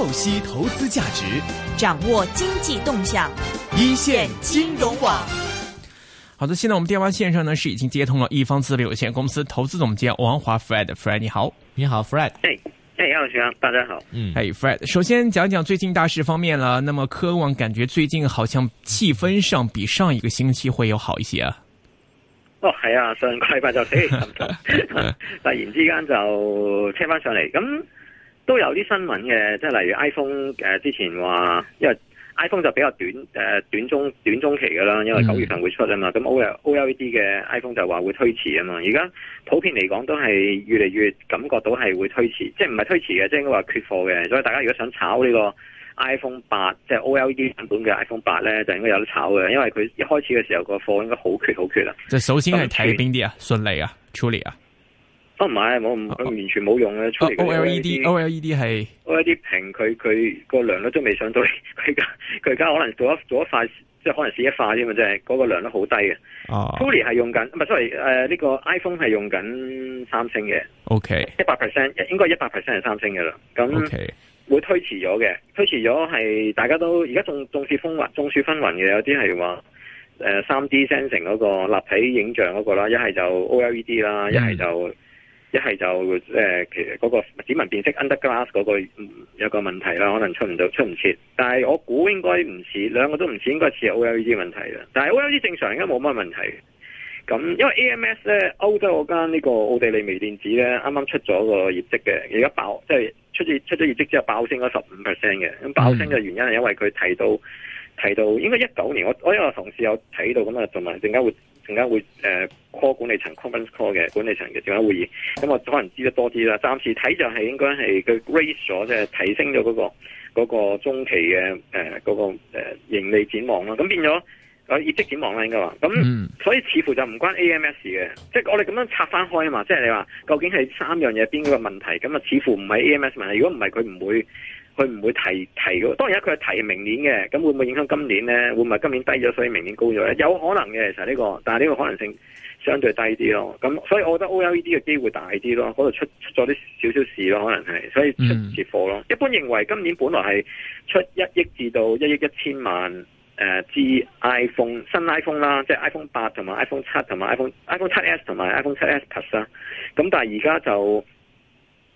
透析投資價值，掌握經濟動向，一線金融網。好的，現在我們電話線上呢是已經接通了一方資本有限公司投資總監王華 Fred，Fred 你好，你好 Fred，哎，哎，楊小生，大家好，嗯，哎，Fred，首先講講最近大事方面了。那麼科網感覺最近好像氣氛上比上一個星期會有好一些啊。哦、oh, yeah，係 啊， 上個禮拜就跌，突然之間就升翻上嚟，咁。都有啲新聞嘅，即係例如 iPhone 誒之前話，因為 iPhone 就比較短誒短中短中期嘅啦，因為九月份會出啊嘛，咁、嗯、O L O L E D 嘅 iPhone 就話會推遲啊嘛。而家普遍嚟講都係越嚟越感覺到係會推遲，即係唔係推遲嘅，即係應該話缺貨嘅。所以大家如果想炒呢個 iPhone 八，即係 O L E D 版本嘅 iPhone 八咧，就應該有得炒嘅，因為佢一開始嘅時候個貨應該好缺好缺就啊。即係首先係睇邊啲啊，順利啊，處理啊。唔、哦、係，我唔佢完全冇用嘅、oh, 出嚟嘅 O L E D O、oh, L E D 係 O L E D 屏，佢佢個良率都未上到嚟。佢而家佢而家可能做一做一塊，即係可能試一塊啫嘛，即係嗰個良率好低嘅。p o l y 係用緊，唔係 sorry，呢、呃呢個 iPhone 係用緊三星嘅。O K，一百 percent 應該一百 percent 係三星嘅啦。咁會推遲咗嘅，推遲咗係大家都而家仲重視風雲，眾說紛紜嘅有啲係話誒三 D sensing 嗰、嗰個立體影像嗰、嗰個啦，一、mm. 係就 O L E D 啦，一係就。一係就即、呃、其實嗰、那個指紋辨識 under glass 嗰、那個、嗯、有個問題啦，可能出唔到出唔切。但係我估應該唔似兩個都唔似，應該似 O L E D 問題嘅。但係 O L E D 正常，應該冇乜問題。咁因為 A M S 咧，歐洲嗰間呢個奧地利微電子咧，啱啱出咗個業績嘅，而家爆即係、就是、出咗出咗業績之後爆升咗十五 percent 嘅。咁爆升嘅原因係因為佢提到提到應該一九年，我我有個同事有睇到咁啊，同埋陣間會。仲加會誒 call 管理層 Conference Call 嘅管理層嘅電話會議，咁我可能知得多啲啦。暫時睇就係應該係佢 raise 咗，即係提升咗嗰個嗰個中期嘅誒嗰個誒盈利展望啦。咁變咗業績展望啦，應該話咁，所以似乎就唔關 AMS 嘅，即係我哋咁樣拆翻開啊嘛。即係你話究竟係三樣嘢邊個問題？咁啊，似乎唔係 AMS 問題。如果唔係，佢唔會。佢唔會提提，當然佢係提明年嘅，咁會唔會影響今年呢？會唔會今年低咗，所以明年高咗呢？有可能嘅其實呢個，但係呢個可能性相對低啲咯。咁所以我覺得 O L E D 嘅機會大啲咯，嗰度出出咗啲少少事咯，可能係，所以出唔熱貨咯。Mm. 一般認為今年本來係出一億至到一億一千萬誒、呃，支 iPhone 新 iPhone 啦，即係 iPhone 八同埋 iPhone 七同埋 iPhone iPhone 七 S 同埋 iPhone 七 S Plus 啦。咁但係而家就。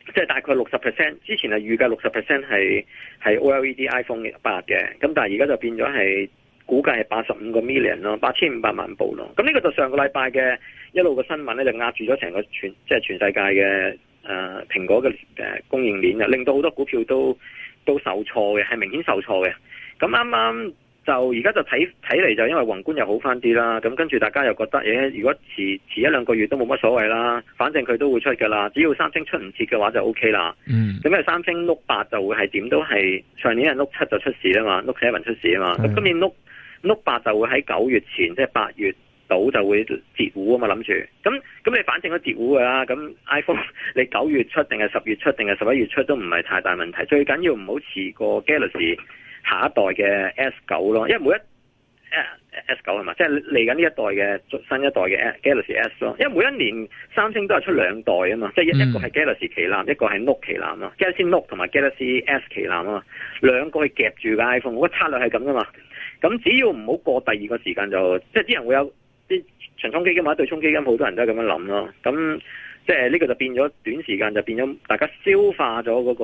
即、就、係、是、大概六十 percent，之前係預計六十 percent 係係 OLED iPhone 八嘅，咁但係而家就變咗係估計係八十五個 million 咯，八千五百萬部咯。咁呢個就上個禮拜嘅一路嘅新聞咧，就壓住咗成個全即係、就是、全世界嘅誒、啊、蘋果嘅誒供應鏈嘅，令到好多股票都都受挫嘅，係明顯受挫嘅。咁啱啱。就而家就睇睇嚟就因為宏觀又好翻啲啦，咁跟住大家又覺得嘢、欸，如果遲遲一兩個月都冇乜所謂啦，反正佢都會出噶啦，只要三星出唔切嘅話就 OK 啦。嗯，咁因為三星碌八就會係點都係上年係碌七就出事啊嘛，碌七雲出事啊嘛，咁今年碌碌八就會喺九月前即係八月到就會截胡啊嘛，諗住。咁咁你反正都截胡噶啦，咁 iPhone 你九月出定係十月出定係十一月出都唔係太大問題，最緊要唔好遲過 Galaxy。下一代嘅 S 九咯，因為每一 S 九係嘛，即係嚟緊呢一代嘅新一代嘅 Galaxy S 咯，因為每一年三星都係出兩代啊嘛，即係一一個係 Galaxy 旗艦，一個係 Note 旗艦咯，Galaxy Note 同埋 Galaxy S 旗艦啊嘛，兩個係夾住嘅 iPhone，我嘅策略係咁啊嘛，咁只要唔好過第二個時間就，即係啲人會有啲長充基金或者對沖基金，好多人都係咁樣諗咯，咁即係呢個就變咗短時間就變咗，大家消化咗嗰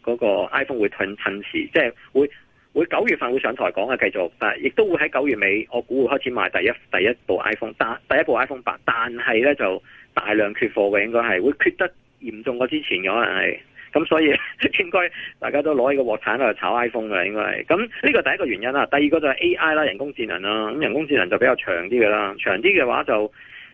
個嗰個 iPhone 會褪褪時，即係會。會九月份會上台講啊，繼續，但亦都會喺九月尾，我估會開始賣第一第一部 iPhone，但第一部 iPhone 八，但係呢，就大量缺貨嘅，應該係會缺得嚴重過之前嘅，可能係，咁所以應該大家都攞呢個鑊鏟嚟炒 iPhone 嘅，應該係。咁呢個第一個原因啦，第二個就係 AI 啦，人工智能啦，咁人工智能就比較長啲嘅啦，長啲嘅話就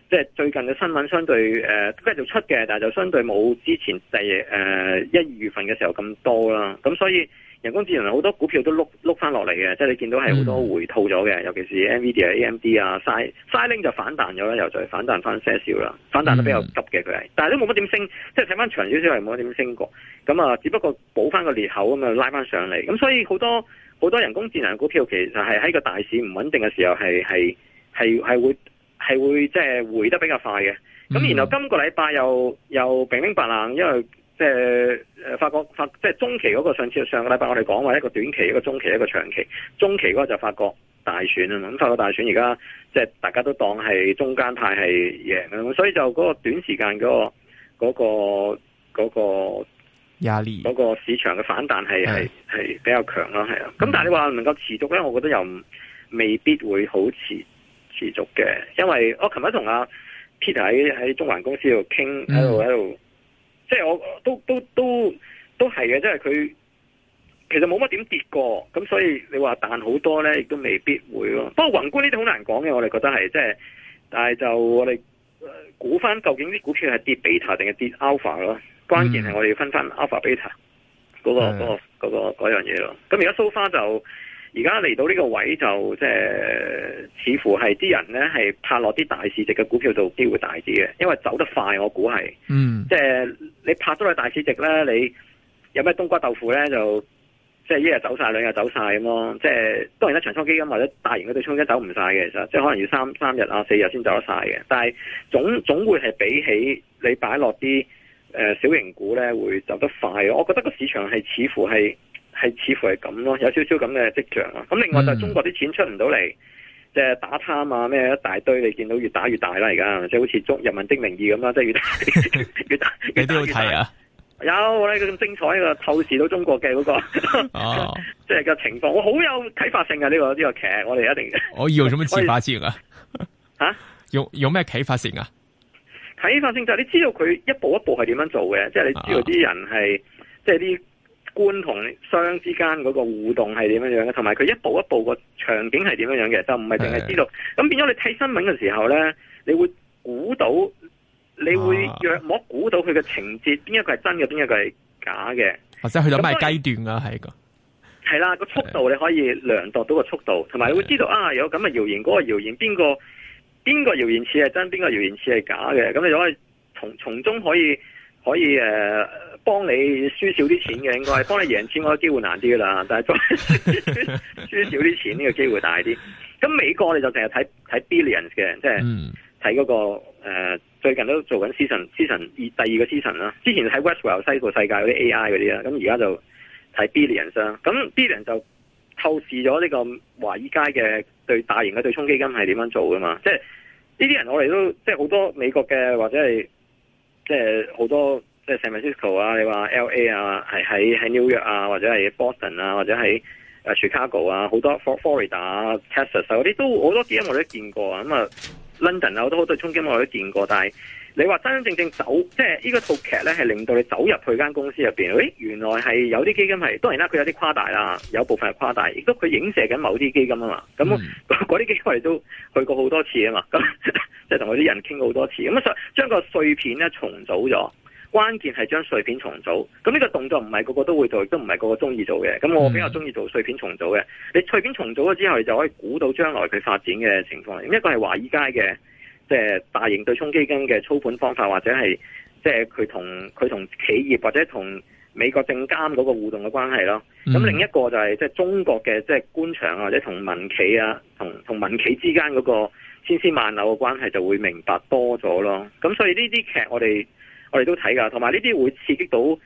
即係、就是、最近嘅新聞相對誒繼、呃、續出嘅，但係就相對冇之前第誒一、二、呃、月份嘅時候咁多啦，咁所以。人工智能好多股票都碌碌翻落嚟嘅，即係你見到係好多回吐咗嘅、嗯，尤其是 Nvidia、AMD 啊，s i 嘥嘥拎就反彈咗啦，又再反彈翻些少啦，反彈得比較急嘅佢係，但係都冇乜點升，即係睇翻長少少係冇乜點升過，咁啊，只不過補翻個裂口咁啊拉翻上嚟，咁所以好多好多人工智能嘅股票其實係喺個大市唔穩定嘅時候係係係係會係會即係回得比較快嘅，咁、嗯、然後今個禮拜又又平明白冷，因為。即係誒，法國法即係中期嗰個，上次上個禮拜我哋講話一個短期一個中期一個長期，中期嗰個就法國大選啊嘛，咁法國大選而家即係大家都當係中間派係贏，所以就嗰個短時間嗰、那個嗰、那個嗰、那個嗰、那個市場嘅反彈係係係比較強啦，係啊。咁但係你話能夠持續咧，我覺得又未必會好持持續嘅，因為我琴日同阿 Peter 喺喺中環公司度傾、嗯，喺度喺度。即係我都都都都係嘅，即係佢其實冇乜點跌過，咁所以你話彈好多呢，亦都未必會咯。不過宏觀呢啲好難講嘅，我哋覺得係即係，但係就我哋、呃、估翻究竟啲股票係跌 beta 定係跌 alpha 咯。關鍵係我哋要分翻 alpha beta 嗰個嗰、嗰個嗰、嗰個嗰、嗰個樣嘢咯。咁而家 so far 就。而家嚟到呢個位就即係、就是、似乎係啲人呢係拍落啲大市值嘅股票度機會大啲嘅，因為走得快我估係，嗯，即係你拍咗個大市值呢，你有咩冬瓜豆腐呢？就即係一日走晒，兩日走晒咁咯。即係當然啦，長倉基金或者大型嗰啲對沖基金走唔晒嘅，其實即係可能要三三日啊四日先走得晒嘅。但係總總會係比起你擺落啲呃小型股呢，會走得快。我覺得個市場係似乎係。係似乎係咁咯，有少少咁嘅跡象咯。咁另外就係中國啲錢出唔到嚟，即、嗯、係打貪啊咩，什麼一大堆。你見到越打越大啦，而家即係好似中人民的名義咁啦，即係、 啊、越打越大。你都好睇啊！有咧，佢咁精彩個透視到中國嘅嗰、那個，即、哦、係 個情況，我好有啟發性啊！呢、這個呢、這個劇，我哋一定。我要什麼，自發、啊、有有什麼啟發性啊？吓？有有咩啟發性啊？啟發性就係你知道佢一步一步係點樣做嘅、哦，即係你知道啲人係即係啲。官同商之間嗰個互動係點樣樣嘅，同埋佢一步一步個場景係點樣樣嘅，就唔係淨係知道。咁變咗你睇新聞嘅時候咧，你會估到，你會若摸估到佢嘅情節，邊一個係真嘅，邊一個係假嘅，或、啊、者、嗯、去到咩階段啊？係個係啦，個速度你可以量度到個速度，同埋你會知道啊，有咁嘅謠言，嗰、那個謠言邊個邊個謠言似係真，邊個謠言似係假嘅，咁你就可以從從中可以。可以誒、呃、幫你輸少啲錢嘅，應該係幫你贏錢嗰個機會難啲啦。但係輸 輸少啲錢呢、呢個機會大啲。咁美國我哋就成日睇睇 Billions 嘅，即係睇嗰個、呃、最近都做緊 season season 第二個 season 啦。之前睇 Westworld 西部世界嗰啲 AI 嗰啲啦，咁而家就睇 Billions、啊。咁 Billions 就透視咗呢個華爾街嘅對大型嘅對沖基金係點樣做噶嘛？即係呢啲人我哋都即係好多美國嘅或者係。即係好多，即係 San Francisco 啊，你話 LA 啊，係喺喺 New York 啊，或者係 Boston 啊，或者喺 Chicago 啊，好多 Florida、啊、Texas 啊嗰啲都好多 game 我都見過啊，咁啊 London 啊好多好多衝擊我都見過，但係。你話真真正正走，即係呢個套劇呢，係令到你走入去間公司入邊。誒，原來係有啲基金係，當然啦，佢有啲誇大啦，有部分係誇大。亦都佢影射緊某啲基金啊嘛，咁嗰啲基金我哋都去過好多次啊嘛，咁即係同嗰啲人傾過好多次。咁、嗯、啊，將個碎片呢重組咗，關鍵係將碎片重組。咁呢個動作唔係個個都會做，亦都唔係個個中意做嘅。咁我比較中意做碎片重組嘅。你碎片重組咗之後，你就可以估到將來佢發展嘅情況、嗯。一個係華爾街嘅。即、就、係、是、大型對沖基金嘅操盤方法，或者係即係佢同佢同企業或者同美國證監嗰個互動嘅關係咯。咁、嗯、另一個就係即係中國嘅即係官場或者同民企啊，同同民企之間嗰個千絲萬縷嘅關係就會明白多咗咯。咁所以呢啲劇我哋我哋都睇噶，同埋呢啲會刺激到誒、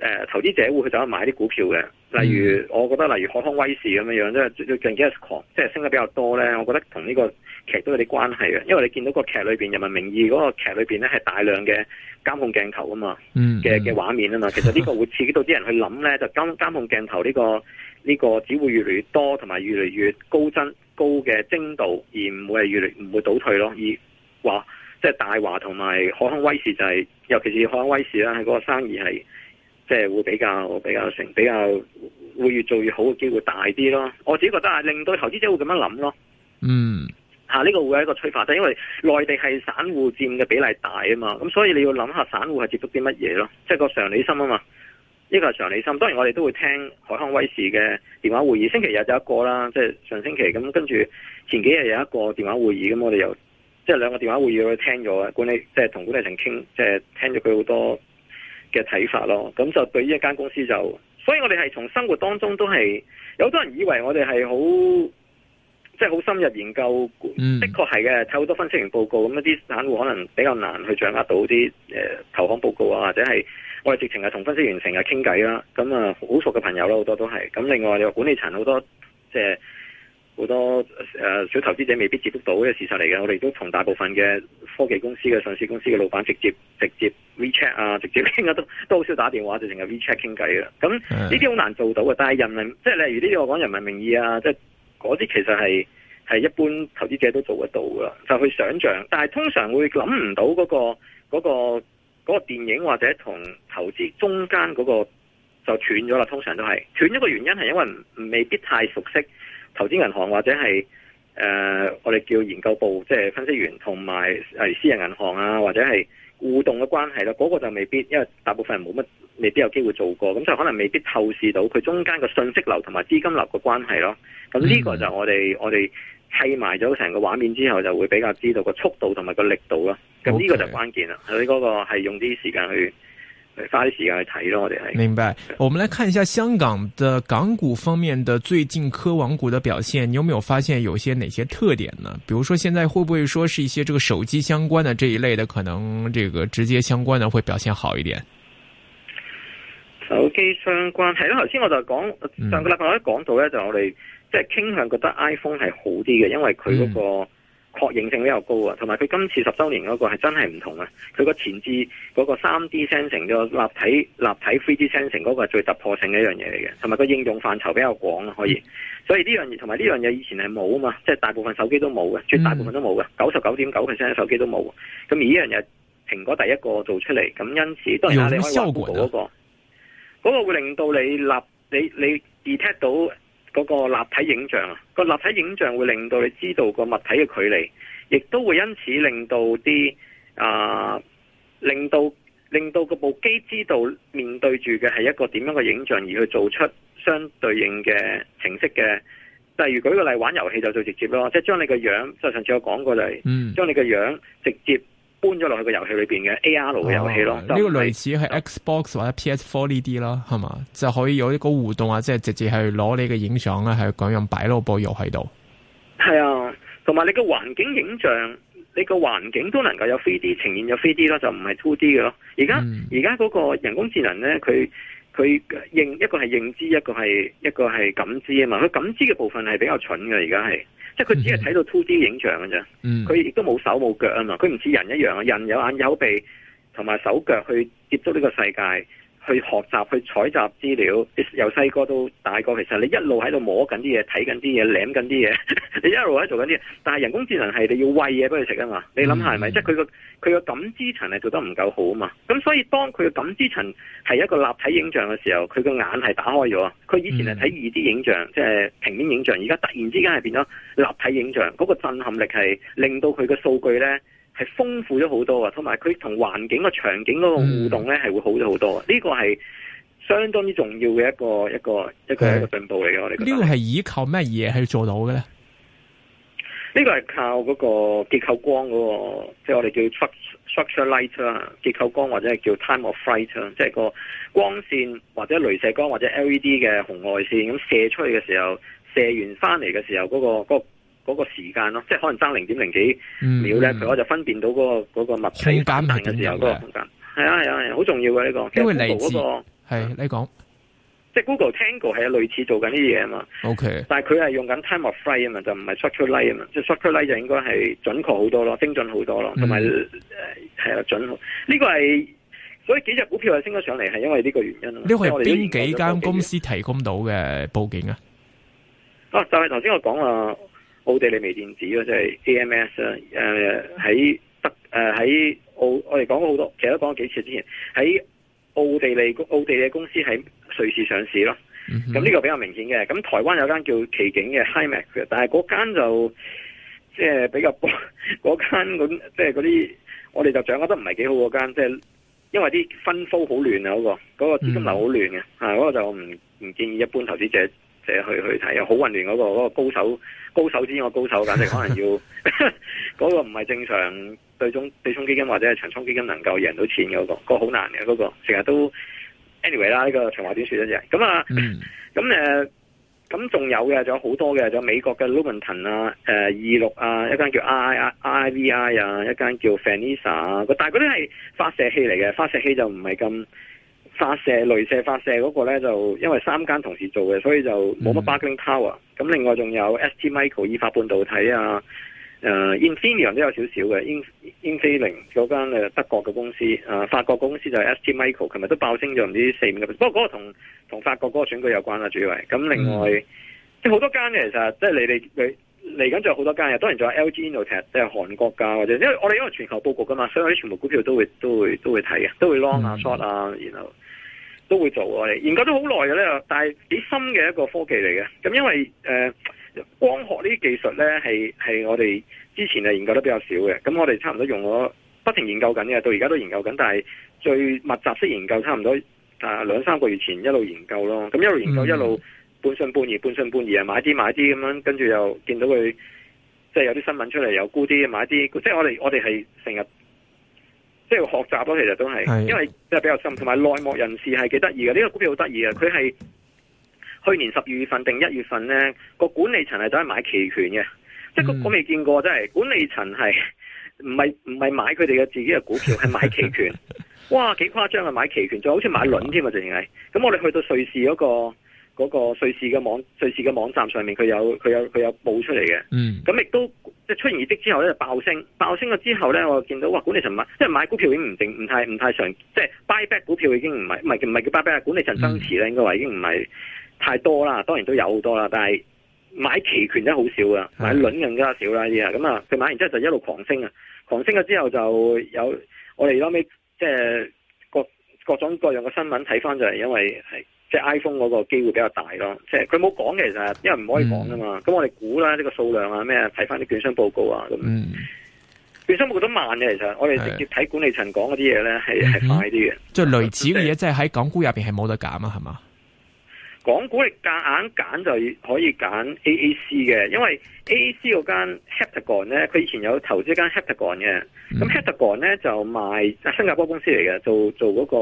呃、投資者會去走去買啲股票嘅。例如，嗯、我覺得例如海康威視咁樣樣，即係最近幾日狂即係升得比較多咧。我覺得同呢、這個。劇都有啲關係嘅，因為你見到個劇裏邊《人民名義》嗰個劇裏邊咧，係大量嘅監控鏡頭啊嘛，嘅嘅畫面啊嘛，其實呢個會刺激到啲人去諗咧，就監監控鏡頭呢個呢個只會越嚟越多，同埋越嚟越高增高嘅精度，而唔會係越嚟唔會倒退咯。而話即係大華同埋海康威視就係，尤其是海康威視啦，喺嗰個生意係即係會比較比較成比較會越做越好嘅機會大啲咯。我自己覺得啊，令到投資者會咁樣諗咯。嗯。吓、啊，呢、這個會係一個催化，但因為內地係散戶佔嘅比例大啊嘛，咁所以你要諗下散戶係接觸啲乜嘢咯，即、就、係、是、個常理心啊嘛，呢、這個係常理心。當然我哋都會聽海康威視嘅電話會議，星期日就一個啦，即、就、係、是、上星期咁，跟住前幾日有一個電話會議，咁我哋又即係兩個電話會議我哋聽咗管理即係同管理層傾，即、就、係、是、聽咗佢好多嘅睇法咯。咁就對於一間公司就，所以我哋係從生活當中都係有好多人以為我哋係好。即係好深入研究，嗯、的確係嘅睇好多分析員報告，咁一啲散戶可能比較難去掌握到啲、呃、投行報告啊，或者係我哋直情係同分析員成日傾偈啦。咁啊，好熟嘅朋友啦，好多都係。咁另外有管理層好多即係好多誒、呃、小投資者未必接觸到嘅事實嚟嘅。我哋都同大部分嘅科技公司嘅上市公司嘅老闆直接直接 WeChat 啊，直接傾都都好少打電話，直情係 WeChat 傾偈啦。咁呢啲好難做到嘅。但係人民即係例如呢啲我講人民名義啊，即係。嗰啲其實係一般投資者都做得到噶，就去想象，但係通常會諗唔到嗰個嗰個嗰個電影或者同投資中間嗰個就斷咗啦。通常都係斷咗個原因係因為未必太熟悉投資銀行或者係誒、呃、我哋叫研究部即係分析員同埋私人銀行啊或者係。互動嘅關係咯，嗰個就未必，因為大部分人冇乜，未必有機會做過，咁就可能未必透視到佢中間嘅信息流同埋資金流嘅關係咯。咁呢個就我哋、嗯、我哋砌埋咗成個畫面之後，就會比較知道個速度同埋個力度咯。咁呢個就關鍵啦。佢、okay. 嗰個係用啲時間去。花啲時間去睇咯，我哋係明白。我們來看一下香港的港股方面的最近科網股的表現，你有沒有發現有些哪些特點呢？比如說現在會不會說是一些這個手機相關的這一類的，可能這個直接相關的會表現好一點？手機相關係咯，頭先我就講，上個禮拜我講到咧、嗯，就我哋即係傾向覺得 iPhone 係好啲嘅，因為佢嗰、那個。嗯確認性比較高啊，同埋佢今次十周年嗰個係真係唔同啊！佢個前置嗰個三 D sensing 即立體立體 three D sensing 嗰個係最突破性嘅一樣嘢嚟嘅，同埋個應用範疇比較廣啊，可以。所以呢樣嘢同埋呢樣嘢以前係冇啊嘛，即係大部分手機都冇嘅，絕大部分都冇嘅，九十九點九 percent 手機都冇。咁而呢樣嘢蘋果第一個做出嚟，咁因此都、那個、有咩效果？嗰個嗰個會令到你立你你 detect 到。嗰個立體影像啊，嗰個立體影像會令到你知道個物體嘅距離，亦都會因此令到啲啊、呃，令到令到個部機知道面對住嘅係一個點樣嘅影像，而去做出相對應嘅程式嘅。例如舉個例，玩遊戲就最直接咯，即係將你個樣，就上次我講過係、就係嗯、將你個樣直接，搬咗落去個遊戲裏邊嘅 A R 嘅遊戲咯，呢、啊，這個類似係 Xbox 或者 P S Four 呢啲啦，係嘛，就可以有一個互動啊，即係直接去攞你嘅影像咧，係咁樣擺落部遊戲喺度。係啊，同埋你個環境影像，你個環境都能夠有 three D 呈現 3D，咗 three D 咯，就唔係 two D 嘅咯。而家而家嗰個人工智能呢，佢。佢認一個係認知，一個係一個係感知啊嘛。佢感知嘅部分係比較蠢嘅，而家係，即係佢只係睇到 two D 影像嘅啫。嗯。佢亦都冇手冇腳啊嘛。佢唔似人一樣啊，人有眼有鼻同埋手腳去接觸呢個世界。去學習去採集資料，由細個到大個，其實你一路喺度摸緊啲嘢，睇緊啲嘢，舐緊啲嘢， 你一路喺度做緊啲嘢。但係人工智能係你要餵嘢俾佢食啊嘛，你諗下係咪、嗯？即係佢個佢個感知層係做得唔夠好啊嘛。咁所以當佢嘅感知層係一個立體影像嘅時候，佢個眼係打開咗。佢以前係睇二 D 影像，即係平面影像，而家突然之間係變咗立體影像，嗰個震撼力係令到佢嘅數據呢。係豐富咗好多啊，同埋佢同環境個場景嗰個互動咧係會好咗好多，呢、嗯這個係相當之重要嘅一個一個是一個進步嚟嘅。我哋呢個係依靠咩嘢去做到嘅咧？呢、這個係靠嗰個結構光嗰個，即、就、係、是、我哋叫 structure light 啊，結構光或者係叫 time of flight 啊，即係個光線或者鐳射光或者 LED 嘅紅外線咁射出去嘅時候，射完翻嚟嘅時候嗰、那個、那個嗰、那個時間咯，即係可能爭零點零幾秒咧，佢、嗯、我就分辨到嗰、那個密、那個物體。好簡單嘅，呢個空間，係啊係啊，好、啊啊、重要嘅呢、那個。因為、啊、你嗰個係你講，即係 Google Tango 係有類似做緊啲嘢啊嘛。OK，但係佢係用緊 time of flight 啊嘛，就唔係 structured light 啊嘛。即 structured light 就應該係準確好多咯，精準好多咯，同埋係啊準。呢、這個係所以幾隻股票係升咗上嚟，係因為呢個原因啊。呢、這個係邊幾間公司提供到嘅報警啊？啊，就係頭先我講啊。奧地利微電子咯，即、就、係、是、AMS 啦、呃，誒喺德誒喺奧，我哋講咗好多，其實都講咗幾次之前，喺奧地利奧地利公司喺瑞士上市咯，咁、嗯、呢、這個比較明顯嘅。咁台灣有一間叫奇景嘅 Himax，但係嗰間就即係、就是、比較嗰 間咁即係嗰啲，我哋就掌握得唔係幾好嗰間，即、就、係、是、因為啲 fund flow 好亂啊嗰、那個，那個資金流好亂嘅，啊、嗯、嗰、那個就唔唔建議一般投資者。即係去去睇，好混亂嗰、那個嗰、那個高手，高手之內高手，簡直可能要嗰 個唔係正常對沖對沖基金或者係長倉基金能夠贏到錢嗰、那個，那個好難嘅嗰、那個，成日都 anyway 啦，呢、這個長話短説一樣咁啊，咁咁仲有嘅，仲有好多嘅，仲有美國嘅 Lumentum 啊，誒二六啊，一間叫 I I V I 啊，一間叫 Finisar 啊，但係嗰啲係發射器嚟嘅，發射器就唔係咁。發射雷射發射嗰個咧，就因為三間同時做嘅，所以就冇乜 bargaining power。咁另外仲有 ST Micro 意法半導體啊，誒、呃、Infineon 都有少少嘅，英英飛凌嗰間誒德國嘅公司，誒、呃、法國公司就係 ST Micro，琴日都爆升咗唔知這四五個公司。不過嗰個同同法國嗰個選舉有關啦、啊，主要係。咁另外、嗯、即係好多間的其實即係你哋嚟緊仲有好多間嘅，當然仲有 LG Innotek，即係韓國噶，或者因為我哋因為全球佈局噶嘛，所以我哋全部股票都會都會都會睇嘅，都會 long 啊、short 啊，然後都會做我哋研究咗好耐嘅咧，但係幾深嘅一個科技嚟嘅。咁因為誒、呃、光學呢啲技術咧係係我哋之前係研究得比較少嘅，咁我哋差唔多用咗不停研究緊嘅，到而家都在研究緊，但係最密集式研究差唔多啊兩三個月前一路研究咯，咁一路研究一路嗯嗯。半信半疑，半信半疑啊！買啲買啲咁樣，跟住又見到佢，即、就、係、是、有啲新聞出嚟又沽啲買啲，即係我哋我哋係成日即係學習咯、啊，其實都係，因為即係比較深。同埋內幕人士係幾得意嘅，呢、這個股票好得意啊！佢係去年十二月份定一月份呢個管理層係走去買期權嘅、嗯，即係我未見過，真係管理層係唔係唔係買佢哋嘅自己嘅股票，係買期權。 哇，幾誇張啊！買期權仲好似買輪添啊，仲要係咁我哋去到瑞士嗰、那個。嗰、那個瑞士嘅網，瑞士嘅網站上面佢有佢有佢有，有報出嚟嘅。咁、嗯、亦都即係出現業績之後咧，就爆升，爆升咗之後咧，我見到哇，管理層買即係買股票已經唔定唔太唔太常，即、就、係、是、buy back 股票已經唔係唔係唔係叫 buy back 管理層增持咧、嗯、應該話已經唔係太多啦，當然都有好多啦，但係買期權真係好少噶，買輪更加少啦啲啊，咁啊佢買完之後就一路狂升啊，狂升咗之後就有我哋後尾即係各各，各種各樣嘅新聞睇翻就係因為係。即係 iPhone 嗰個機會比較大咯，即係佢冇講嘅，其實因為唔可以講噶嘛。咁、嗯、我哋估啦，呢、這個數量啊咩，睇翻啲券商報告啊咁、嗯。券商報告都慢嘅，其實我哋直接睇管理層講嗰啲嘢咧，係係快啲嘅。即、嗯、係類似嘅嘢，即係喺港股入邊係冇得揀啊，係嘛？港股你夾硬揀就可以揀 A A C 嘅，因為 A A C 嗰間 Heptagon 咧，佢以前有投資一間 Heptagon 嘅。咁、嗯、Heptagon 咧就賣、啊、新加坡公司嚟嘅，做做嗰、那個，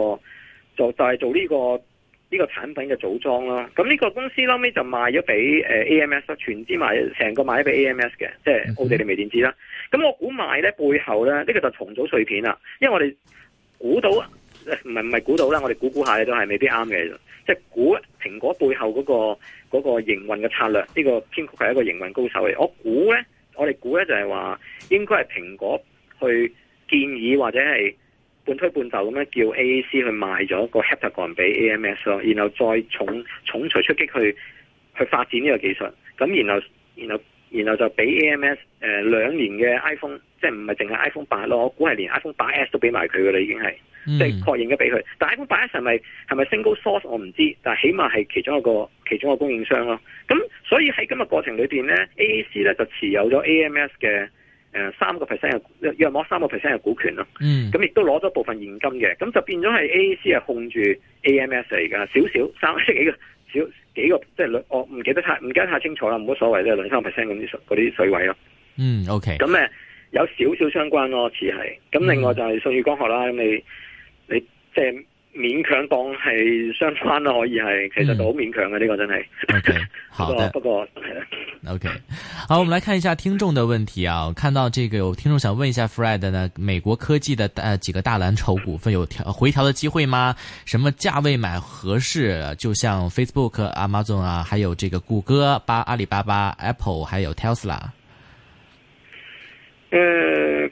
就就是、係做呢、這個。呢個產品嘅組裝啦，咁呢個公司後尾就賣咗俾誒 AMS 啦，全資賣成個賣咗俾 AMS 嘅，即係奧地利微電子啦。咁我估賣咧背後咧，呢個就重組碎片啦，因為我哋估到，唔係唔係估到啦，我哋估估下都係未必啱嘅，即係估蘋果背後嗰個嗰個營運嘅策略，呢個編曲係一個營運高手嚟。我估咧，我哋估咧就係話應該係蘋果去建議或者係。半推半就咁樣叫 A A C 去賣咗個 Haptor 個人俾 A M S 咯，然後再重重錘出擊去去發展呢個技術，咁然後然後然後就俾 A M S 誒、呃、兩年嘅 iPhone，即係唔係淨係 iPhone 八咯，我估係連 iPhone 八 S 都俾埋佢噶啦，已經係、嗯、即係確認咗俾佢。但 iPhone 八 S 係咪係咪升高 source 我唔知道，但係起碼係其中一個其中一個供應商咯。咁所以喺今日過程裏邊咧、嗯，A A C 咧就持有咗 A M S 嘅。誒，三個 percent 嘅，約摸三個 percent 嘅股權咯。嗯，咁亦都攞咗部分現金嘅，咁就變咗係 A C 係控住 A M S 嚟噶，少少三，即係幾個少幾個，即係、就是、我唔記得太，唔記得太清楚啦，冇乜所謂都係兩三個 percent 嗰啲水嗰啲水位咯。嗯，OK。咁誒有少少相關咯，似係。咁另外就係舜宇光學啦，咁你你即係。就是勉強當係相關啦，可以係，其實都好勉強嘅呢個真係。O、okay, K，好 不過，過 O、okay, K，好， 我們來看一下聽眾的問題啊！我看到這個有聽眾想問一下 Fred 呢，美國科技的幾個大藍籌股份有調回調的機會嗎？什麼價位買合適？就像 Facebook、Amazon 啊，還有這個谷歌、巴阿里巴巴、Apple，還有 Tesla。嗯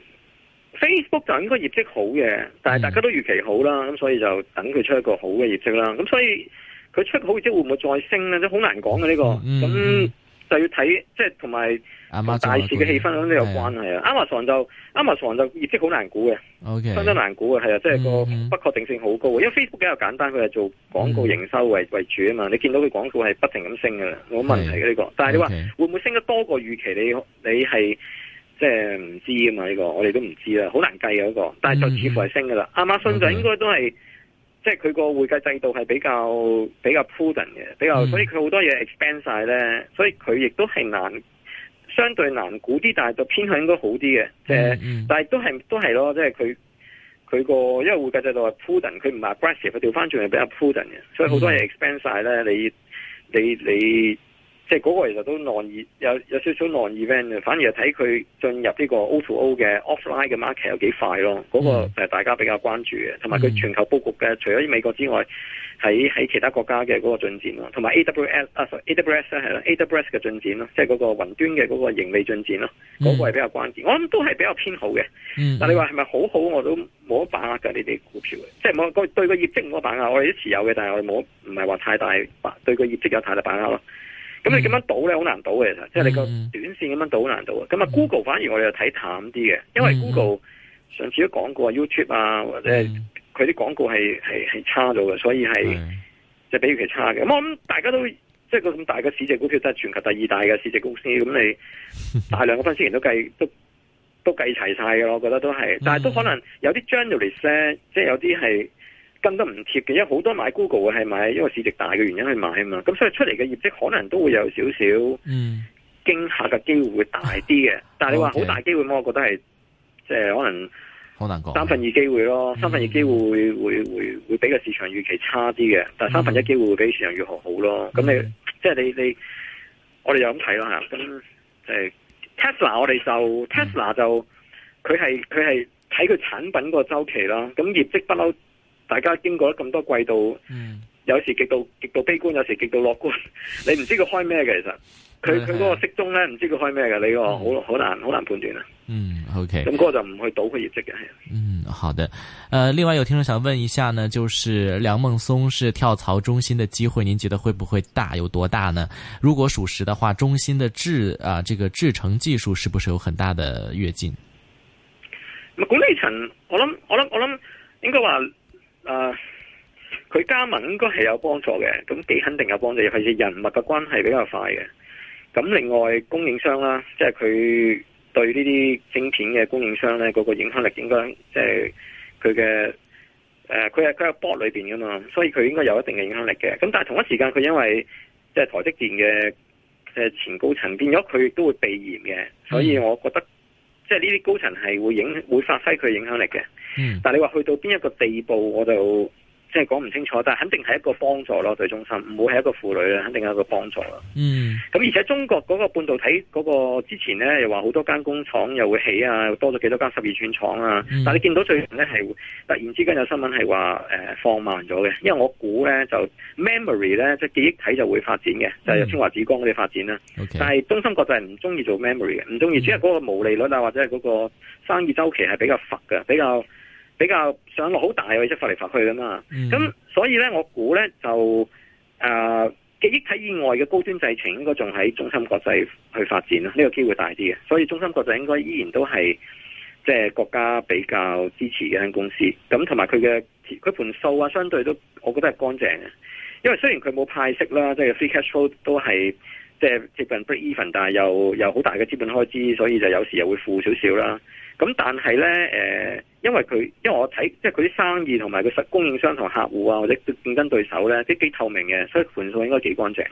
Facebook 就應該業績好嘅，但係大家都預期好啦，咁、嗯、所以就等佢出一個好嘅業績啦。咁所以佢出好業績會唔會再升咧、這個嗯嗯嗯？即好難講嘅呢個。咁就要睇即係同埋大市嘅氣氛有冇有關係啊，媽媽啊媽媽。對對對對對對 Amazon 就 Amazon 就業績好難估嘅，okay，相當難估嘅係啊，即係、就是、個不確定性好高。因為 Facebook 比較簡單，佢係做廣告營收為為主啊嘛。你見到佢廣告係不停咁升嘅啦，冇問題嘅呢、這個。但係你話會唔會升得多過預期？你你係？即係唔知啊嘛呢、這個，我哋都唔知啦，好難計啊嗰個。但係就似乎係升噶啦。亞、嗯、馬遜就應該都係、嗯，即係佢個會計制度係比較比較 prudent 嘅，比較所以佢好多嘢 expand 晒咧，所以佢亦都係難，相對難估啲，但係就偏向應該好啲嘅、嗯。即係，但係都係都係咯，即係佢佢個因為會計制度係 prudent 佢唔係 aggressive，調翻轉係比較 prudent 嘅，所以好多嘢 expand 晒咧、嗯，你你你。你即係嗰個其實都 non-event，有有少少 non-event，反而係睇佢進入呢個 O2O 嘅 offline 嘅 market 有幾快咯。嗰、嗰個係大家比較關注嘅，同埋佢全球佈局嘅，除咗美國之外，喺喺其他國家嘅嗰個進展咯，同埋 AWS 啊 sorry，AWS 咧係啦，AWS 嘅進展咯，即係嗰個雲端嘅嗰個盈利進展咯，嗰、mm. 個係比較關鍵。我諗都係比較偏好嘅。Mm. 但係你話係咪好好，我都冇得把握嘅，你哋股票即係冇個對個業績冇得把握。我哋都持有嘅，但係我哋冇唔係話太大把對個業績有太大把握咯。咁、嗯、你咁樣賭咧？好難賭嘅其實，即係你個短線咁樣賭好難賭啊！咁、嗯、啊，Google 反而我哋又睇淡啲嘅、嗯，因為 Google 上次都講過 YouTube 啊，或者佢啲廣告係係係差咗嘅，所以係即係比佢差嘅。咁我諗大家都即係個咁大嘅市值股票，都係全球第二大嘅市值公司。咁你大量嘅分析員都計都都計齊晒嘅咯，我覺得都係，但係都可能有啲 journalist 咧，即係有啲係。跟得唔貼嘅，因為好多買 Google 嘅係買，因為市值大嘅原因去買啊嘛。咁所以出嚟嘅業績可能都會有少少驚嚇嘅機會，會大啲嘅、嗯。但係你話好大機會，我覺得係即係可能好難講三分二機會咯，三分二機會會、嗯、會會比個市場預期差啲嘅。但係三分一機會會比市場預期好，好咯。咁、嗯、你即係、即係、你你我哋就咁睇啦嚇。咁誒 Tesla 我哋就、嗯、Tesla 就佢係佢係睇佢產品個周期啦。咁業績不嬲。大家經過咁多季度，嗯，有時極度極度悲觀，有時極度樂觀，你唔知佢開咩嘅其實他的，佢佢嗰個適中咧，唔知佢開咩嘅，你個好好難好難判斷啊。嗯，OK。咁嗰個就唔去賭佢業績嘅係。嗯，好的。呃，另外有聽眾想問一下呢，就是梁孟松是跳槽中芯嘅機會，您覺得會不會大？有多大呢？如果屬實的話，中芯嘅制啊，這個制程技術是不是有很大的躍進？管理層，我諗我諗我諗應該話。誒，佢加盟應該係有幫助嘅，咁幾肯定有幫助，尤其是人物嘅關係比較快嘅。咁另外供應商啦、啊，即係佢對呢啲晶片嘅供應商咧，嗰、那個影響力應該即係佢嘅誒，佢係佢喺波 o x 裏邊噶嘛，所以佢應該有一定嘅影響力嘅。咁但係同一時間，佢因為即係、就是、台積電嘅嘅前高層變咗，佢都會避嫌嘅，所以我覺得、mm. 即係呢啲高層係會影會發揮佢嘅影響力嘅。嗯、但係你話去到邊一個地步，我就即係講唔清楚。但係肯定係一個幫助咯，對中芯唔好係一個負累，肯定係一個幫助啦。嗯，咁而且中國嗰個半導體嗰個之前咧，又話好多間工廠又會起啊，多咗幾多間十二寸廠啊。嗯、但係你見到最近咧係突然之間有新聞係話誒放慢咗嘅，因為我估咧就 memory 咧即係記憶體就會發展嘅、嗯，就係、有、清華紫光嗰啲發展啦。Okay. 但係中芯國際唔中意做 memory 嘅，唔中意，只係嗰個毛利率啊、嗯、或者係嗰個生意周期係比較佛嘅，比較。比較上落好大嘅，即係發嚟發去噶嘛。咁、嗯、所以咧，我估咧就誒，記、呃、憶體以外嘅高端製程應該仲喺中心國際去發展啦。呢、這個機會大啲嘅，所以中心國際應該依然都係即係國家比較支持嘅一間公司。咁同埋佢嘅佢盤數啊，相對都我覺得係乾淨嘅。因為雖然佢冇派息啦，即、就、係、是、free cash flow 都係即係接近 break even，但係又有好大嘅資本開支，所以就有時又會負少少啦。咁但係咧，誒，因為佢，因為我睇，即係佢啲生意同埋佢實供應商同客戶啊，或者競爭對手咧，即係幾透明嘅，所以盤數應該幾乾淨。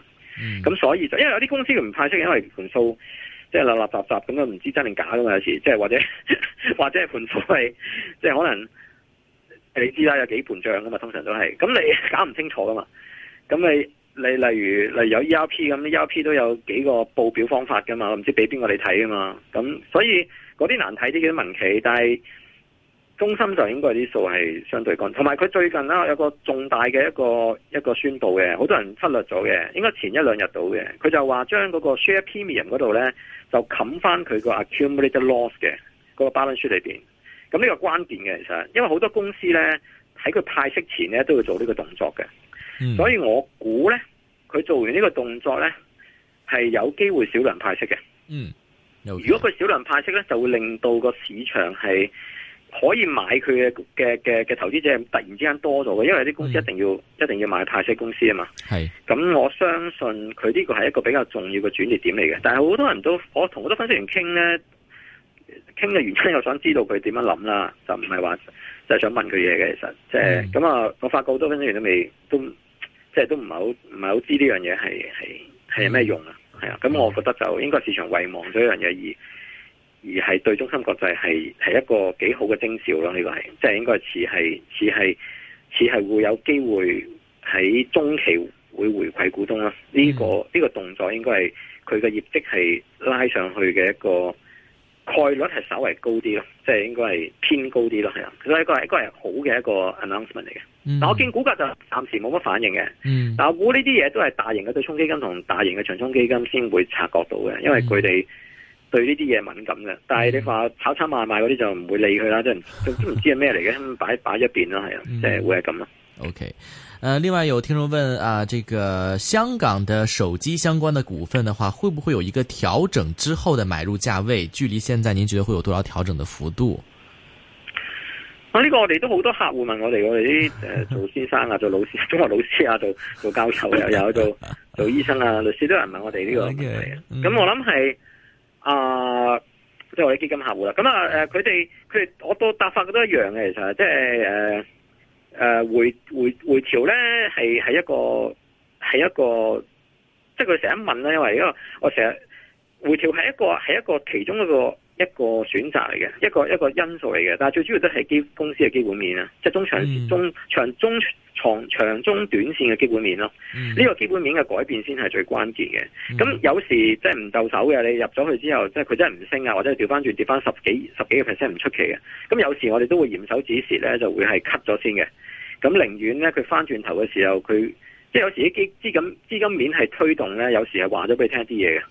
咁所以就因為有啲公司佢唔派息，因為盤數即係垃垃雜雜，咁佢唔知真定假噶嘛，有時即係或者或者係盤數係即係可能你知啦，有幾盤帳噶嘛，通常都係，咁你搞唔清楚噶嘛，咁你。你例如，例如有 E R P 咁，E R P 都有幾個報表方法噶嘛，我唔知俾邊個你睇啊嘛？咁所以嗰啲難睇啲嘅民企，但係中心就應該啲數係相對乾。同埋佢最近啦，有個重大嘅一個一個宣佈嘅，好多人忽略咗嘅，應該前一兩日到嘅。佢就話將嗰個 Share Premium 嗰度咧，就冚翻佢個 Accumulated Loss 嘅嗰個 Balance Sheet 裏面。咁呢個關鍵嘅其實，因為好多公司咧喺佢派息前咧都要做呢個動作嘅。嗯、所以我估呢，佢做完呢個動作呢，係有機會少量派息嘅。嗯，okay、如果佢少量派息呢，就會令到個市場係可以買佢嘅嘅嘅嘅投資者突然之間多咗嘅，因為啲公司一定要、嗯、一定要買派息公司啊嘛。咁我相信佢呢個係一個比較重要嘅轉折點嚟嘅。但係好多人都我同好多分析員傾呢，傾嘅原因我想知道佢點樣諗啦，就唔係話就係、是、想問佢嘢嘅。其實即係咁啊，嗯、我發覺好多分析員都未都。即係都唔係好唔係好知呢樣嘢係係係有咩用啊？係啊，咁我覺得就應該市場遺忘咗一樣嘢而而係對中芯國際係係一個幾好嘅徵兆咯。呢、呢個係即係應該似係似係似係會有機會喺中期會回饋股東啦。呢、呢個呢、呢個動作應該係佢嘅業績係拉上去嘅一個。概率係稍為高啲咯，即係應該係偏高啲咯，係啊。其實一個係一個係好嘅一個 announcement 嚟嘅、嗯。但我見股價就暫時冇乜反應嘅、嗯。但我估呢啲嘢都係大型嘅對沖基金同大型嘅長沖基金先會察覺到嘅，因為佢哋對呢啲嘢敏感嘅、嗯。但係你話炒炒賣賣嗰啲就唔會理佢啦、嗯，即係都唔知係咩嚟嘅，擺 擺一邊咯，係啊、嗯，即係會係咁咯。OK。呃，另外有聽眾問啊，這個香港的手機相關的股份的話，會不會有一個調整之後的買入價位？距離現在您覺得會有多少調整的幅度？啊，呢、這個我哋都好多客戶問我哋，我哋啲、呃、做先生啊，做老師、中學老師啊，做做教授啊， 有做做醫生啊、 律師，都有人問我哋呢個問題。咁、okay, 嗯、我諗係啊，即、呃、係我哋基金客戶啦。咁啊，佢哋佢哋我都答法，佢都一樣嘅。其實即係誒。呃誒回回回調咧係係一個係一個係一個，即係佢成日問咧，因為因為我成日回調係一個係一個其中一個。一個選擇嚟嘅，一個一個因素嚟嘅，但係最主要都係基公司嘅基本面啊，即係中長、嗯、中，中，中長，長、中長、長中短線嘅基本面咯。呢、嗯這個基本面嘅改變先係最關鍵嘅。咁、嗯、有時即係唔就手嘅，你入咗去之後，即係佢真係唔升啊，或者係調返轉，調返十幾十幾個 percent 唔出奇嘅。咁有時我哋都會嚴守止蝕咧，就會係 cut 咗先嘅。咁寧願咧佢翻轉頭嘅時候，佢即係有時啲基資金資金面係推動咧，有時係話咗俾你聽一啲嘢嘅。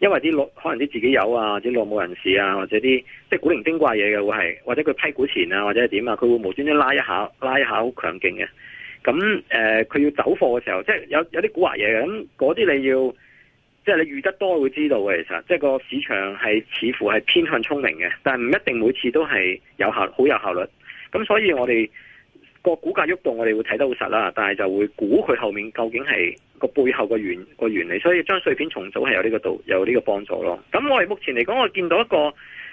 因為啲老可能啲自己有啊，或者老冇人士啊，或者啲即係古靈精怪嘢嘅會係，或者佢批股前啊，或者點啊，佢會無端端拉一下，拉一下好強勁嘅。咁誒，佢、呃、要走貨嘅時候，即係有有啲古惑嘢嘅，咁嗰啲你要即係你遇得多會知道嘅。其實即係個市場係似乎係偏向聰明嘅，但係唔一定每次都係有效，好有效率。咁所以我哋。那個股價喐動，動，我哋會睇得好實啦，但係就會估佢後面究竟係個背後個原，個原理，所以將碎片重組係有呢個度有呢個幫助咯。咁我哋目前嚟講，我見到一個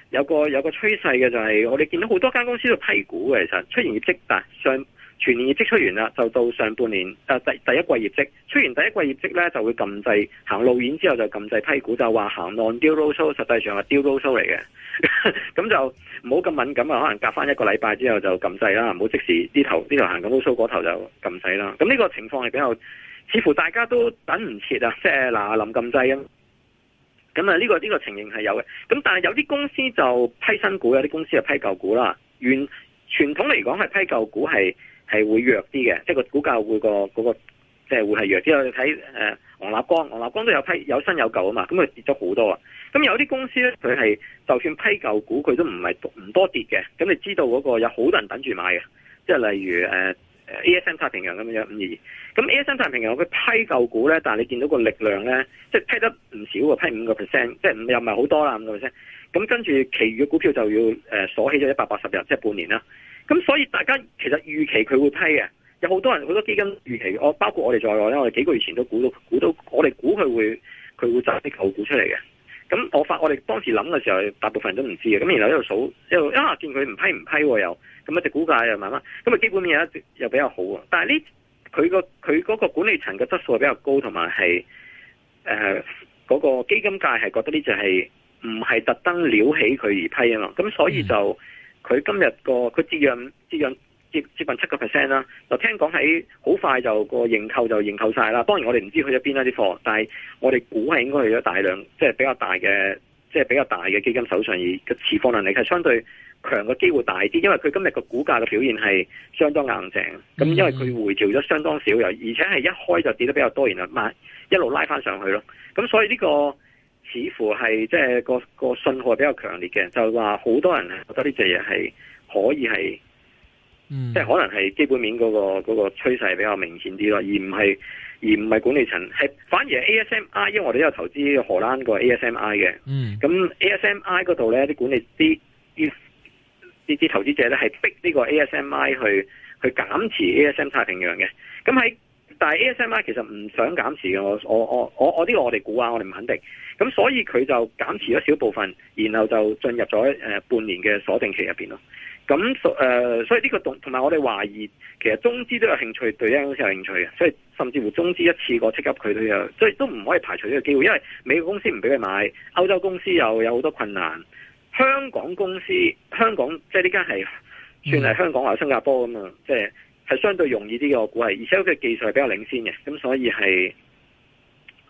有一個有個趨勢嘅，就係、是、我哋見到好多間公司都批股嘅，其實出現業績但、呃、上。全年業績出完啦，就到上半年，啊、第第一季業績出完第一季業績咧，就會禁制行路演之後就禁制批股，就話行 non-deal roadshow 實際上係 deal roadshow 嚟嘅，咁 就唔好咁敏感啊，可能隔翻一個禮拜之後就禁制啦，唔好即時呢頭呢頭行緊 roadshow 嗰頭就禁制啦。咁呢個情況係比較似乎大家都等唔切啊，即係嗱臨禁制咁啊，呢、呢個呢、呢個情形係有嘅。咁但係有啲公司就批新股，有啲公司就批舊股啦。原傳統嚟講係批舊股係。係會弱啲嘅，即係個股價會個嗰個，即係會係弱啲。我哋睇誒黃立光，黃立光都有批有新有舊啊嘛，咁佢跌咗好多啊。咁有啲公司咧，佢係就算批舊股，佢都唔係唔多跌嘅。咁你知道嗰個有好多人等住買嘅，即係例如誒、呃、ASM 太平洋咁樣，五二二。咁 ASM 太平洋佢批舊股咧，但係你見到個力量咧，即係批得唔少，批五個 percent，即係又唔係好多啦，五個 percent。咁跟住，其餘嘅股票就要誒鎖起咗一百八十日，即係半年啦。咁所以大家其實預期佢會批嘅，有好多人好多基金預期，我包括我哋在內咧，我哋幾個月前都估到估到，我哋估佢會佢會集啲好股出嚟嘅。咁我發我哋當時諗嘅時候，大部分人都唔知嘅。咁然後一路數一路啊，見佢唔批唔批又，咁一直股價，又慢慢，咁啊基本面又又比較好喎。但係呢佢個佢嗰個管理層嘅質素係比較高，同埋係嗰個基金界係覺得呢就係唔係特登撩起佢而批啊嘛。咁所以就。嗯佢今日個佢接近接近接接近七個 percent 啦，就聽講喺好快就個認購就認購曬啦。當然我哋唔知去咗邊一啲貨，但係我哋估係應該去咗大量，即係比較大嘅，即係比較大嘅基金手上嘅持貨能力係相對強嘅機會大啲，因為佢今日個股價嘅表現係相當硬淨，咁因為佢回調咗相當少又，而且係一開就跌得比較多，然後一路拉翻上去咯。咁所以呢個似乎係即係個個信號係比較強烈嘅，就係話好多人咧覺得呢隻嘢係可以係，嗯，即係可能係基本面嗰個嗰個趨勢比較明顯啲咯，而唔係而唔係管理層係，反而 ASMI 因為我哋都有投資荷蘭個 ASMI 嘅，嗯，咁 ASMI 嗰度咧啲管理啲啲啲投資者咧係逼呢個 ASMI 去去減持 ASM 太平洋嘅，咁喺。但係 ASMI 其實唔想減持嘅，我我我我我呢個我哋估啊，我哋唔肯定。咁所以佢就減持咗少部分，然後就進入咗誒、呃、半年嘅鎖定期入邊咯。咁誒、呃，所以呢、呢個同同埋我哋懷疑，其實中資都有興趣對呢間公司有興趣嘅，所以甚至乎中資一次過即 take up 佢都有，所以都唔可以排除呢個機會，因為美國公司唔俾佢買，歐洲公司又有好多困難，香港公司香港即係呢間係算係香港或者新加坡咁啊，即係。係相對容易啲嘅我估係，而且佢嘅技術係比較領先嘅，咁所以係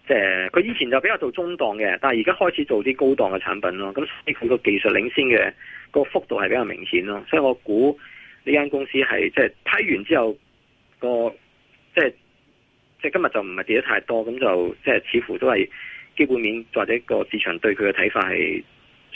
即係佢以前就比較做中檔嘅，但係而家開始做啲高檔嘅產品咯。咁似乎個技術領先嘅，個幅度係比較明顯咯，所以我估呢間公司係即係批完之後，個即係即係今日就唔係跌得太多，咁就即係、就是、似乎都係基本面或者個市場對佢嘅睇法係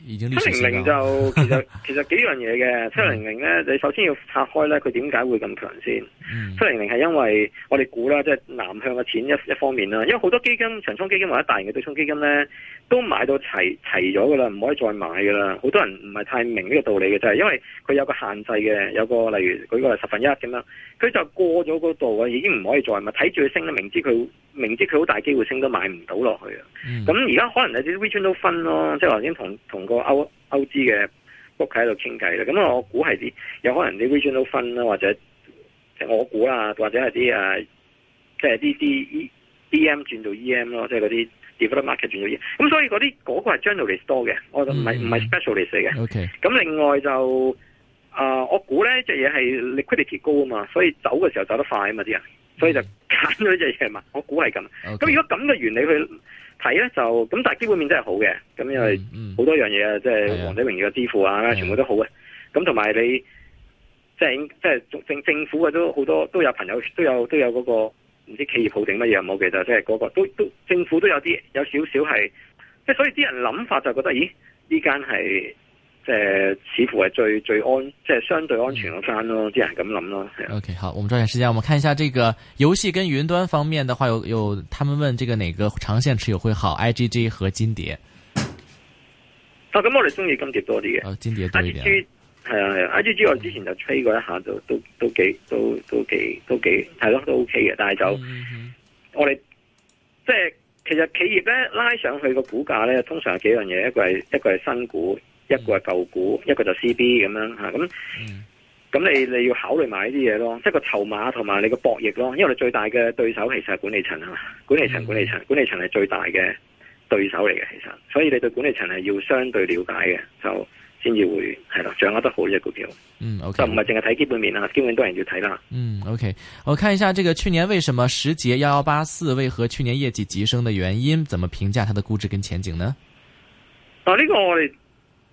七零零就其實 其實幾樣嘢嘅七零零咧，呢 你首先要拆開咧，佢點解會咁強先？七零零係因為我哋估啦，即係南向嘅錢一一方面啦，因為好多基金、長倉基金或者大型嘅對沖基金咧，都買到齊齊咗噶啦，唔可以再買噶啦。好多人唔係太明呢個道理嘅就係因為佢有個限制嘅，有個例如舉個十分一咁啦，佢就過咗嗰度啊，已經唔可以再買，睇住佢升明知佢明知佢好大機會升都買唔到落去啊。咁而家可能係啲 return 都分咯，即係頭先同同。個歐歐資嘅 book 喺度傾偈啦，咁我估係啲有可能你 regional fund 啦，或者即係我估啦，呃即係呃即係、EM, 或者係啲誒，即係啲啲 D M 轉到 E M 咯，即係嗰啲 developed market 轉到 E M 咁所以嗰啲嗰個係 generalist 多嘅，我就唔係唔係 specialist 嚟嘅。O K，咁另外就啊、呃，我估咧隻嘢係 liquidity 高啊嘛，所以走嘅時候走得快啊嘛啲人，所以就揀咗隻嘢嘛，我估係咁。咁、okay. 如果咁嘅原理去。睇咧就咁，但係基本面真係好嘅，咁因為好多樣嘢啊，即係《王者榮耀》嘅支付啊，全部都好嘅。咁同埋你，即係即係政政府嘅都好多都有朋友都有都有嗰個唔知企業好定乜嘢冇，其實即係嗰個都都政府都有啲有少少係，即係所以啲人諗法就覺得咦呢間係。即係似乎係最最安，即係相對安全嘅山咯，啲、嗯、人咁諗咯。OK，、嗯、好，我們抓緊時間，我們看一下這個遊戲跟雲端方面嘅話，有有，他們問這個哪個長線持有會好 i g g 和金蝶，嗯。咁我哋中意金蝶多啲嘅。金蝶多啲點啊啊。I G G 係啊係 i G G 我，我之前就吹過一下都，都都都幾都都幾都幾係咯，都 OK 嘅。但係就我哋即係其實企業咧拉上去個股價咧，通常係幾樣嘢，一個係一個係新股。嗯、一個係舊股，一個就 CB 咁樣吓，咁、嗯、咁你你要考慮買呢啲嘢咯，即、就、係、是、個籌碼同埋你個博弈咯，因為你最大嘅對手其實係管理層啊嘛，管理層管理層管理層係最大嘅對手嚟嘅，其實，所以你對管理層係要相對了解嘅，就先至會係掌握得好呢個股票。嗯，OK，就唔係淨係睇基本面，基本面當然要睇啦。嗯，OK，我看一下這個去年為什麼時捷幺幺八四為何去年業績急升的原因，怎麼評價它的估值跟前景呢？啊，呢、這個。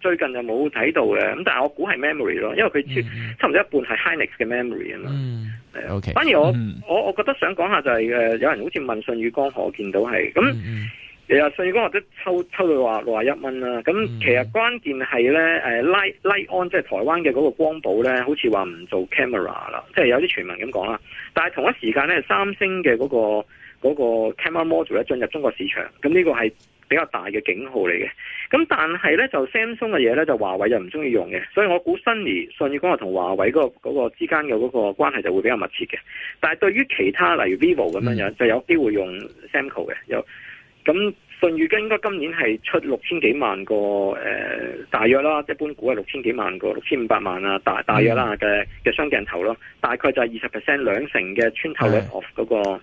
最近就冇睇到嘅，咁但係我估係 memory 咯，因為佢超差唔多一半係 Hynix 嘅 memory 啊嘛。嗯，OK。反而我、嗯、我我覺得想講下就係、是呃、有人好似問信宇光我見到係咁、嗯，其實信宇光或都抽抽到話六啊一蚊啦。咁、嗯、其實關鍵係咧、呃、Lite Lite-on 即係台灣嘅嗰個光寶咧，好似話唔做 camera 啦，即係有啲傳聞咁講啦。但係同一時間咧，三星嘅嗰、嗰個嗰、嗰個 camera module 咧進入中國市場，咁呢個係。比較大嘅警號嚟嘅，咁但係咧就 Samsung 嘅嘢咧就華為又唔中意用嘅，所以我估 Sunny 舜宇光同華為嗰、那個那個之間嘅嗰個關係就會比較密切嘅。但係對於其他例如 Vivo 咁樣樣、嗯，就有機會用 Samco 嘅。有咁舜宇光應該今年係出六千幾萬個誒、呃、大約啦，即一般估係六千幾萬個六千五百萬啊，大大約啦嘅嘅雙鏡頭咯，大概就係二十 percent 兩成嘅穿透率 of 嗰、那個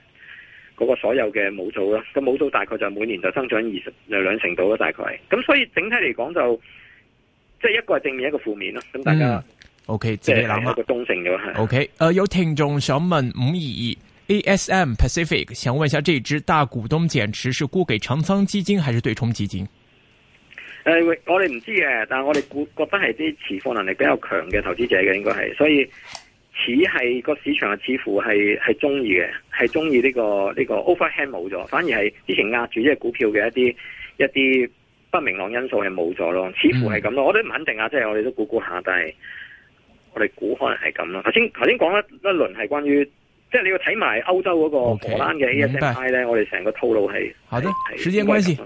嗰個所有嘅母數啦，個母數大概就每年就增長二十兩成度啦，大概。咁所以整體嚟講就，即係一個係正面，一個負面咯。咁大家，O K，即係有一個中性嘅係。O K，誒，有聽眾想問五二二 A S M Pacific，想問一下，這支大股東減持是沽給長倉基金還是對沖基金？誒、呃，我哋唔知嘅，但係我哋估覺得係啲持貨能力比較強嘅投資者嘅，應該係，所以。似係個市場啊，似乎係係中意嘅，係中意呢個呢個 overhand 冇咗，反而係之前壓住呢隻股票嘅一啲一啲不明朗因素係冇咗咯，似乎係咁咯，我都唔肯定啊，即係我哋都估估下，但係我哋估可能係咁咯。頭先頭先講一一輪係關於，即係你要睇埋歐洲嗰個荷蘭嘅 A S M I 咧，我哋成個套路係好的。時間關係，